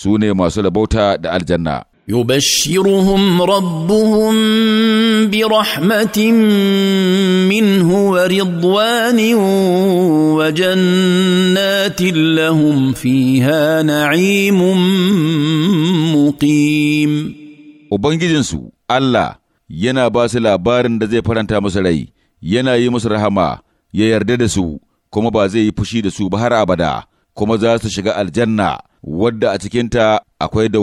su ne masu labauta da aljanna يبشرهم ربهم برحمة منه ورضوان وجنات لهم فيها نعيم مقيم Ubangijinsu Allah yana ba su labarin da zai faranta musu rai, yana yi musu rahama, ya yarda da su, kuma ba zai yi fushi da su ba har abada, kuma za su shiga aljanna. wadda a cikinta akwai da